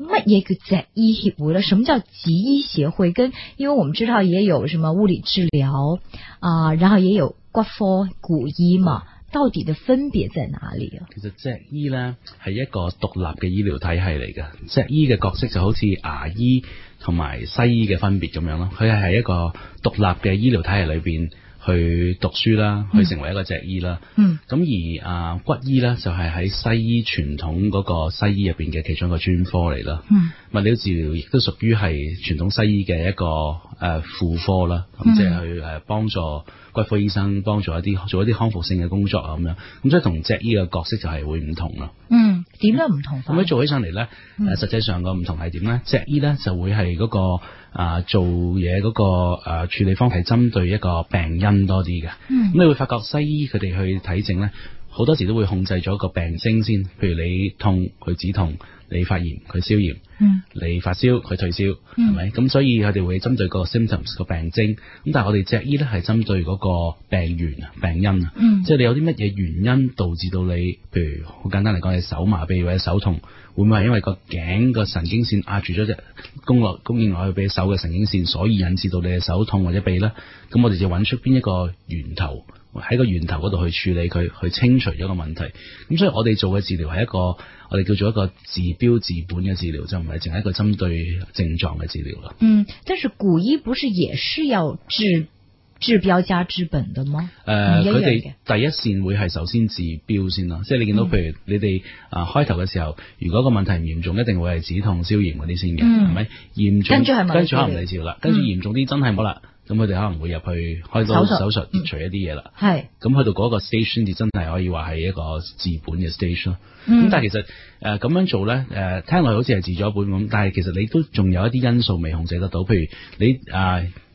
乜嘢叫脊醫協會咧？什麼叫脊醫協會？跟，因為我們知道也有什麼物理治療啊、呃，然後也有骨科古醫嘛，到底的分別在哪裡啊？其實脊醫咧係一個獨立嘅醫療體系嚟嘅，脊醫嘅角色就好似牙醫同埋西醫嘅分別咁樣咯，佢係一個獨立嘅醫療體係裡邊。去讀書啦，去成為一個脊醫啦。嗯，咁而啊，骨醫咧就係喺西醫傳統嗰個西醫入邊嘅其中一個專科嚟啦。嗯。物理治療亦都屬於係傳統西醫嘅一個誒副、呃、科啦，咁、嗯、即係去誒幫助骨科醫生幫助一啲做一啲康復性嘅工作啊咁樣，咁所以同脊醫嘅角色就係會唔同啦。嗯，點樣唔同？咁樣做起上、呃、實際上嚟咧，誒實際上個唔同係點咧？脊醫咧就會係嗰、那個啊、呃、做嘢嗰、那個誒、呃、處理方係針對一個病因多啲嘅。咁、嗯嗯、你會發覺西醫佢哋去睇症咧，好多時都會控制咗個病徵先，譬如你痛，佢止痛。你發炎佢消炎，嗯，你發燒佢退燒，係咪？咁所以佢哋會針對個 symptoms 個病徵咁，但係我哋脊醫咧係針對嗰個病源、病因啊，嗯，即係你有啲乜嘢原因導致到你，譬如好簡單嚟講，你手麻痹或者手痛，會唔會係因為個頸個神經線壓住咗隻供落供應落去俾手嘅神經線，所以引致到你嘅手痛或者痹咧？咁我哋就揾出邊一個源頭。喺個源頭嗰度去處理佢，去清除咗個問題。咁所以我哋做嘅治療係一個，我哋叫做一個治標治本嘅治療，就唔係淨係一個針對症狀嘅治療啦。嗯，但是古醫不是也是要治治標加治本嘅嗎？誒、呃，佢哋第一綫會係首先治標先咯，嗯，即係你見到，譬如你哋啊，開頭嘅時候，如果個問題唔嚴重，一定會係止痛消炎嗰啲先嘅，係、嗯、咪？嚴重跟住係，跟住治療啦。跟住嚴重啲，真係冇啦。咁佢哋可能會入去開刀手術切除一啲嘢啦，咁、嗯、去到嗰個 stage 先至真係可以話係一個治本嘅 stage n 咁、嗯、但係其實咁、呃、樣做咧，誒、呃、聽來好似係治咗一半咁，但係其實你都仲有一啲因素未控制得到。譬如你佢、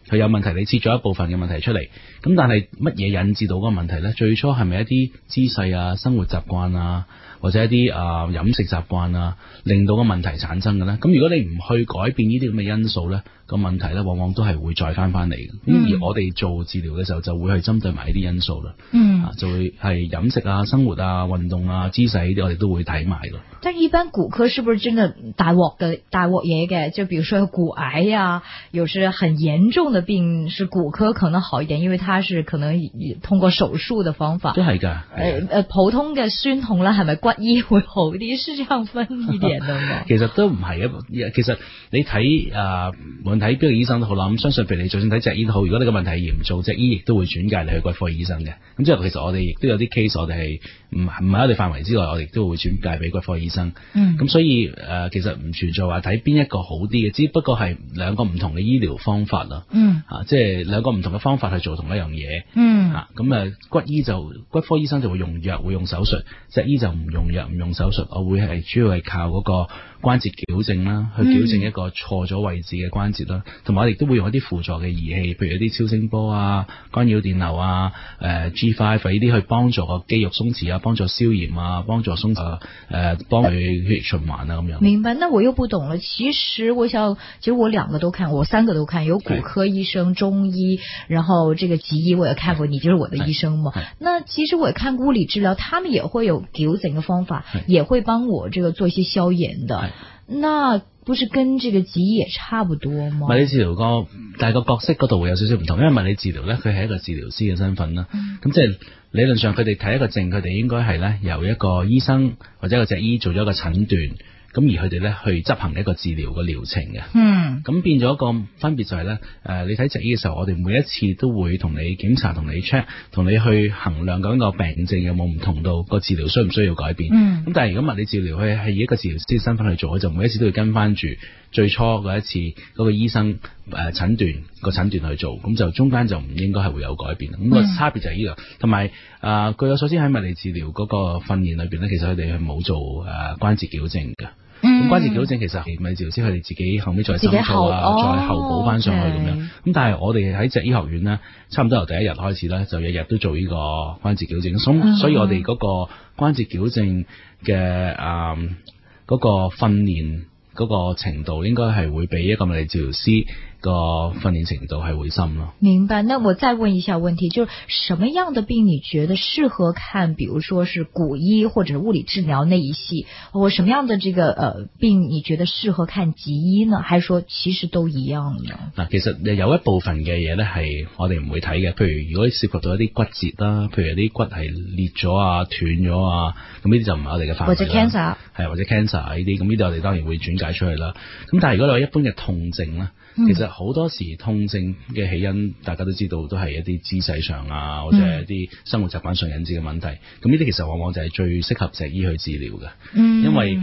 呃、有問題，你切咗一部分嘅問題出嚟。咁但係乜嘢引致到嗰個問題咧？最初係咪一啲姿勢啊、生活習慣啊？或者一啲啊、呃、飲食習慣啊，令到個問題產生嘅咧。咁如果你唔去改變呢啲咁嘅因素咧，那個問題咧往往都係會再翻翻嚟嘅。咁、嗯、而我哋做治療嘅時候就會去針對埋呢啲因素啦，嗯，啊、就會係飲食啊、生活啊、運動啊、姿勢呢啲我哋都會睇埋咯，但係一般骨科是不是真係大鑊嘅大鑊嘢嘅，即係就譬如說骨癌啊，有時很嚴重嘅病，是骨科可能好一點，因為它是可能通過手術嘅方法。都係噶，誒、嗯、誒、普通嘅酸痛啦，係咪骨？醫會好啲，是這樣分一點嘅。 其實都唔係啊，其實你睇啊，無論睇邊個醫生都好啦，咁相信譬如你就算睇脊醫都好，如果你嘅問題嚴重，脊醫亦都會轉介你去骨科醫生嘅。咁即係其實我哋亦都有啲 case，我哋係唔唔喺我哋範圍之內，我哋都會轉介俾骨科醫生。咁、嗯嗯、所以誒、呃，其實唔存在話睇邊一個好啲嘅，只不過係兩個唔同嘅醫療方法啦。嗯。啊、即係兩個唔同嘅方法去做同一樣嘢。嗯。啊，咁、嗯、啊骨醫就骨科醫生就會用藥，會用手術，脊醫就唔用。若唔用手術，我會係主要係靠嗰個。關節矯正啦，去矯正一個錯咗位置嘅關節啦，同、嗯、埋我哋都會用一啲輔助嘅儀器，譬如一啲超聲波啊、干擾電流啊、誒 G Five 啲去幫助個肌肉鬆弛啊、幫助消炎啊、幫助鬆誒、啊呃、幫佢血液循環啊咁、嗯、樣。明白，那我又不懂啦。其實我想，其實我兩個都看，我三個都看，有骨科醫生、中醫，然後這個急醫我也看過。你就是我的醫生嘛？那其實我也看物理治療，他們也會有矯正嘅方法，也會幫我這個做一些消炎的。那不是跟這個脊醫也差不多嗎？物理治療個，但係個角色嗰度會有少少唔同，因為物理治療咧，佢係一個治療師嘅身份啦。咁即係理論上，佢哋睇一個症，佢哋應該係咧由一個醫生或者一個脊醫做咗一個診斷。咁而佢哋咧去執行一個治療個療程嘅，嗯，咁變咗一個分別就係咧，誒，你睇脊醫嘅時候，我哋每一次都會同你檢查、同你 check、同你去衡量嗰個病症有冇唔同到個治療需唔需要改變，嗯，咁但係如果物理治療，佢係以一個治療師身份去做，就每一次都會跟翻住最初嗰一次嗰個醫生誒診斷、個診斷去做，咁就中間就唔應該係會有改變，咁個差別就係呢個，同埋誒據我所知喺物理治療嗰個訓練裏邊咧，其實佢哋係冇做誒關節矯正嘅。咁、嗯、關節矯正其實係物理治療師佢哋自己後屘再修啊，再後補翻上去咁樣。咁、oh, okay. 但係我哋喺脊醫學院咧，差唔多由第一日開始咧，就日日都做呢個關節矯正。所以，我哋嗰個關節矯正嘅誒嗰個訓練嗰個程度，應該係會比一個物理治療師個訓練程度係會深咯，明白？那我再問一下問題，就什麼樣的病你覺得適合看？比如說是骨醫，或者物理治療那一系，或者什麼樣的這個呃病你覺得適合看脊醫呢？還是說其實都一樣呢？嗱，其實有一部分嘅嘢咧係我哋唔會睇嘅，譬如如果你涉及到一啲骨折啦，譬如啲骨係裂咗啊、斷咗啊，咁呢啲就唔係我哋嘅範圍啦。係或者 cancer 呢啲，咁呢啲我哋當然會轉介出去啦。咁但係如果你有一般嘅痛症咧。其實好多時痛症嘅起因，大家都知道都係一啲姿勢上啊，或者係一啲生活習慣上引致嘅問題。咁呢啲其實往往就係最適合脊醫去治療嘅、嗯，因為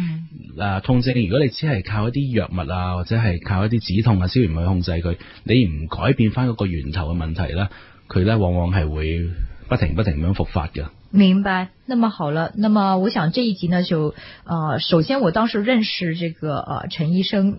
啊、呃、痛症如果你只係靠一啲藥物啊，或者係靠一啲止痛啊、消炎去控制佢，你唔改變翻嗰個源頭嘅問題咧，佢咧往往係會不停不停咁樣復發嘅。明白。那麼好了，那麼我想這一集呢就、呃，首先我當時認識這個啊陳、呃、醫生。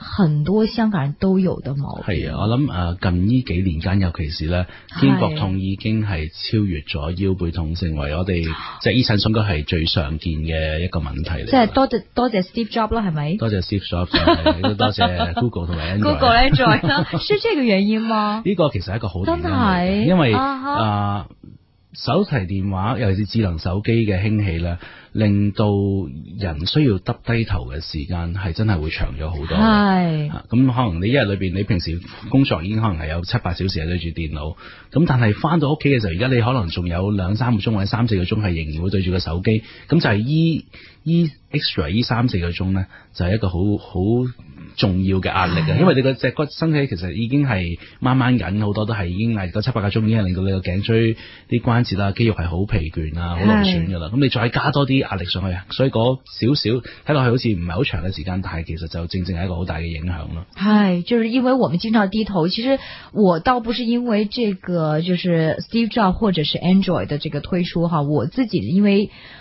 很多香港人都有的毛病係啊，我諗誒近呢幾年間，尤其是咧肩膊痛已經係超越咗腰背痛，成為我哋即係醫生應該係最常見嘅一個問題。即係多謝多謝 Steve Jobs 啦，係咪？多謝 Steve Jobs，多謝，Job， 多謝 Google 同埋 Android 咧在，是這個原因嗎？呢個其實係一個好的，真係，因為啊。Uh -huh. 呃手提電話尤其是智能手機嘅興起咧，令到人需要耷低頭嘅時間係真係會長咗好多嘅。係，咁可能你一日裏邊你平時工作已經可能係有七八小時係對住電腦，咁但係翻到屋企嘅時候，而家你可能仲有兩三個鐘或者三四個鐘係仍然會對住個手機，咁就係依。E extra E 三四個鐘咧，就係、是、一個好好重要嘅壓力啊！因為你個脊骨身體其實已經係慢慢緊，好多都係已經挨到七八個鐘，已經令到你個頸椎啲關節啦、肌肉係好疲倦啊、好勞損噶啦。咁你再加多啲壓力上去啊，所以嗰少少睇落去好似唔係好長嘅時間，但係其實就正正係一個好大嘅影響咯。係，就是因為我們經常低頭，其實我倒不是因為這個，就是 Steve Jobs 或者是 Android 嘅這個推出哈，我自己因為。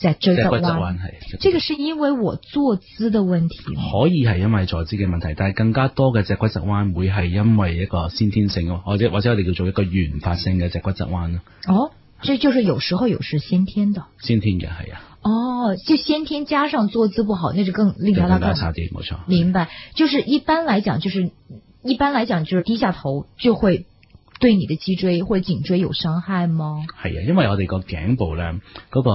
脊脊骨側彎係，這個是因為我坐姿的問題。可以係因為坐姿嘅問題，但係更加多嘅脊骨側彎會係因為一個先天性，或者或者我哋叫做一個原發性嘅脊骨側彎咯。哦，即係就是有時候有時先天的，先天嘅係啊。哦，即係先天加上坐姿不好，那就更令就更加差啲，冇錯。明白，就是一般來講，就是一般來講，就是低下頭就會。對你的脊椎，或者頸椎有傷害嗎？係啊，因為我哋個頸部咧，嗰個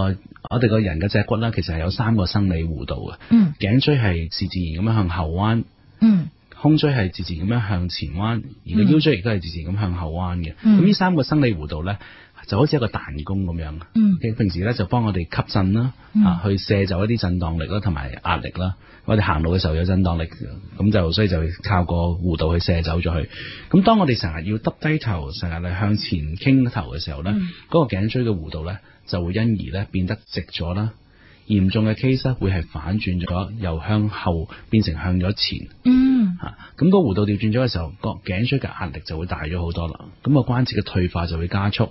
我哋個人嘅脊骨咧，其實係有三個生理弧度嘅。嗯，頸椎係自自然咁樣向後彎。嗯。胸椎係漸漸咁樣向前彎，而個腰椎亦都係漸漸咁向後彎嘅。咁、mm. 呢三個生理弧度呢，就好似一個彈弓咁樣。Mm. 平時呢就幫我哋吸震啦，啊、mm. 去卸走一啲震盪力啦，同埋壓力啦。我哋行路嘅時候有震盪力，咁就所以就靠個弧度去卸走咗佢。咁當我哋成日要耷低頭，成日嚟向前傾頭嘅時候呢，嗰、mm. 個頸椎嘅弧度呢就會因而呢變得直咗啦。嚴重嘅 case 會係反轉咗，由向後變成向咗前。Mm. 吓，咁個弧度調轉咗嘅時候，個頸椎嘅壓力就會大咗好多啦，咁個關節嘅退化就會加速。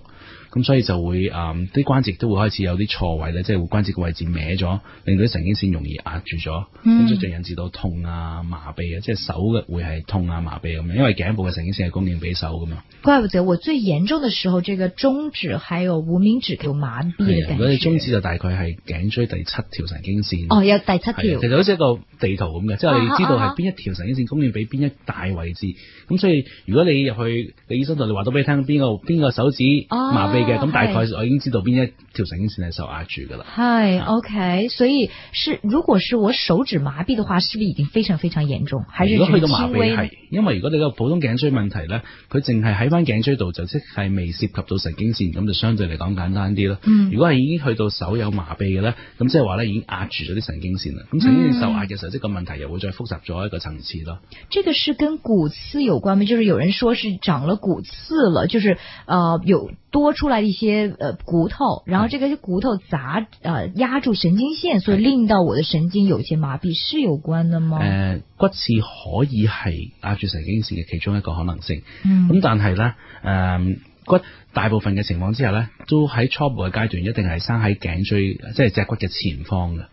咁所以就會誒啲、嗯、關節都會開始有啲錯位咧，即係會關節嘅位置歪咗，令到啲神經線容易壓住咗，咁所以就引致到痛啊、麻痹啊，即係手嘅會係痛啊、麻痹咁樣。因為頸部嘅神經線係供應俾手噶嘛。怪不得我最嚴重嘅時候，這個中指還有無名指就麻痹。如果你中指就大概係頸椎第七條神經線。哦，有第七條？其實好似一個地圖咁嘅，即係你知道係邊一條神經線供應俾邊一大位置。咁、啊啊、所以如果你入去你醫生度，你話到俾你聽邊個邊個手指麻痹。嘅、哦、咁大概我已經知道邊一條神經線係受壓住噶啦。係，OK 所以是如果是我手指麻痹的話，是不是已經非常非常嚴重？如果去到麻痹係，因為如果你個普通頸椎問題咧，佢淨係喺翻頸椎度就即係未涉及到神經線，咁就相對嚟講簡單啲咯、嗯。如果係已經去到手有麻痹嘅咧，咁即係話咧已經壓住咗啲神經線啦。咁神經線受壓嘅時候，即、嗯這個問題又會再複雜咗一個層次咯。這個是跟骨刺有關咩？就是有人說是長了骨刺了，就是啊、呃、有。多出來一些呃骨頭，然後這個骨頭砸呃壓住神經線，所以令到我的神經有些麻痹，是有關的嗎？誒、呃，骨刺可以係壓住神經線嘅其中一個可能性。嗯，咁但係咧，誒、呃、骨大部分嘅情況之下咧，都喺初步嘅階段一定係生喺頸椎即係、就是、脊骨嘅前方嘅。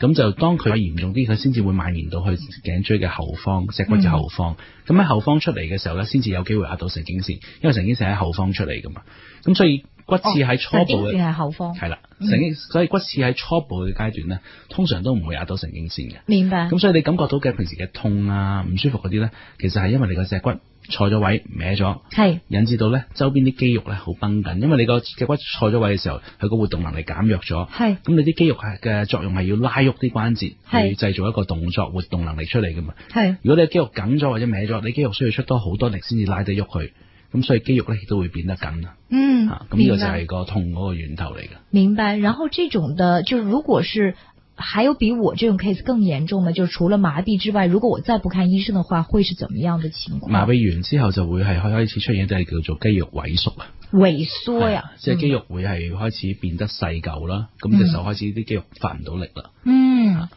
咁就當佢有嚴重啲，佢先至會蔓延到去頸椎嘅後方、脊骨嘅後方。咁、嗯、喺後方出嚟嘅時候咧，先至有機會壓到神經線，因為神經線喺後方出嚟噶嘛。咁所以。骨刺喺初步嘅，係、哦、啦、嗯，神經，所以骨刺喺初步嘅階段咧，通常都唔會壓到神經線嘅。明白。咁所以你感覺到嘅平時嘅痛啊、唔舒服嗰啲咧，其實係因為你個脊骨錯咗位、歪咗，係，引致到咧周邊啲肌肉咧好繃緊。因為你個脊骨錯咗位嘅時候，佢個活動能力減弱咗，係。咁你啲肌肉嘅作用係要拉喐啲關節，去製造一個動作活動能力出嚟噶嘛，係。如果你嘅肌肉緊咗或者歪咗，你肌肉需要多出多好多力先至拉得喐佢。咁所以肌肉咧亦都會變得緊啦，嗯，咁、啊、呢、嗯，這個就係個痛嗰個源頭嚟嘅。明白。然後這種的就如果是還有比我這種 case 更嚴重嘅，就除了麻痹之外，如果我再不看醫生嘅話，會是怎麼樣的情況？麻痹完之後就會係開始出現就係叫做肌肉萎縮啊。萎縮啊，啊嗯、即係肌肉會係開始變得細嚿啦，咁、嗯、就就開始啲肌肉發唔到力啦。嗯，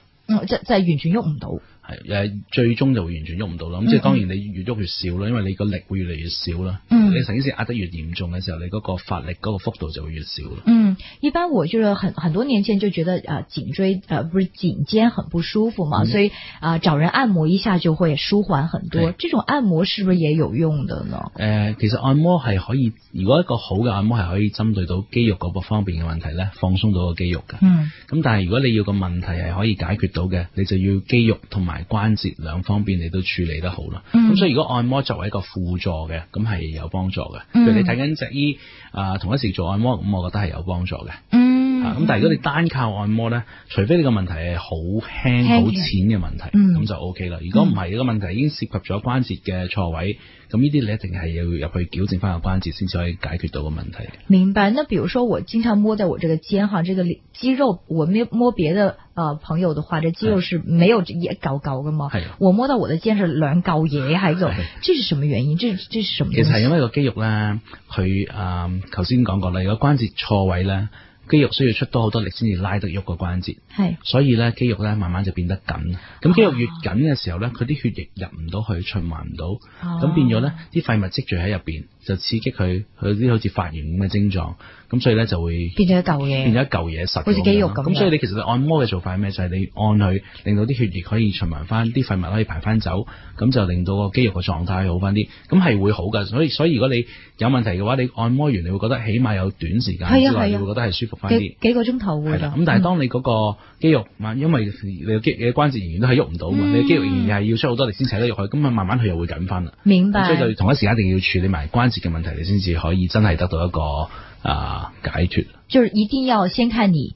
即即係完全喐唔到。最終就會完全喐唔到啦。咁即係當然你越喐越少啦，因為你個力會越嚟越少啦、嗯。你成件事壓得越嚴重嘅時候，你嗰個發力嗰個幅度就會越少啦。嗯，一般我就是很很多年前就覺得啊，頸椎啊，不是頸肩很不舒服嘛，嗯、所以啊、呃，找人按摩一下就會舒緩很多。這種按摩是不是也有用的呢？誒、呃，其實按摩係可以，如果一個好嘅按摩係可以針對到肌肉嗰個方面嘅問題咧，放鬆到個肌肉噶。嗯。咁但係如果你要個問題係可以解決到嘅，你就要肌肉同埋。關節兩方面你都處理得好啦，咁、嗯、所以如果按摩作為一個輔助嘅，咁係有幫助嘅。譬如你睇緊脊醫啊，同一時做按摩，咁我覺得係有幫助嘅。嗯咁、啊、但係如果你單靠按摩呢，除非你個問題係好輕好淺嘅問題，咁就 O K 喇。如果唔係，你、嗯、個問題已經涉及咗關節嘅錯位，咁呢啲你一定係要入去矯正返個關節先至可以解決到個問題。明白？那譬如說，我經常摸在我這個肩哈，這個肌肉，我沒摸別的朋友的話，這個、肌肉係沒有這一嚿嚿㗎嘛？我摸到我的肩是兩嚿嘢喺度，這是什麼原因？是這是什麼，原因是是什麼？其實係因為個肌肉咧，佢啊，頭、呃、先講過啦，如果關節錯位咧。肌肉需要出多好多力先至拉得喐個關節，係，所以咧肌肉咧慢慢就變得緊。咁肌肉越緊嘅時候咧，佢、啊、啲血液入唔到去循環唔到，咁、啊、變咗咧啲廢物積聚喺入邊，就刺激佢佢啲好似發炎咁嘅症狀。咁所以咧就會變咗一嚿嘢，變咗一嚿嘢實。好似肌肉咁。咁所以你其實你按摩嘅做法係咩？就係、是、你按佢，令到啲血液可以循環翻，啲廢物可以排翻走，咁就令到個肌肉嘅狀態好翻啲。咁係會好噶。所以所以如果你有問題嘅話，你按摩完你會覺得起碼有短時間之內、啊啊、你會覺得係舒服。幾幾個鐘頭㗎，係啦。咁但係當你嗰個肌肉，嗯、因為你嘅肌嘅關節仍然都係喐唔到嘛，嗯、你嘅肌肉仍然係要出好多力先扯得入去，咁啊慢慢佢又會緊翻啦。明白。所以就同一時間一定要處理埋關節嘅問題，你先至可以真係得到一個啊解脫。就係一定要先看你。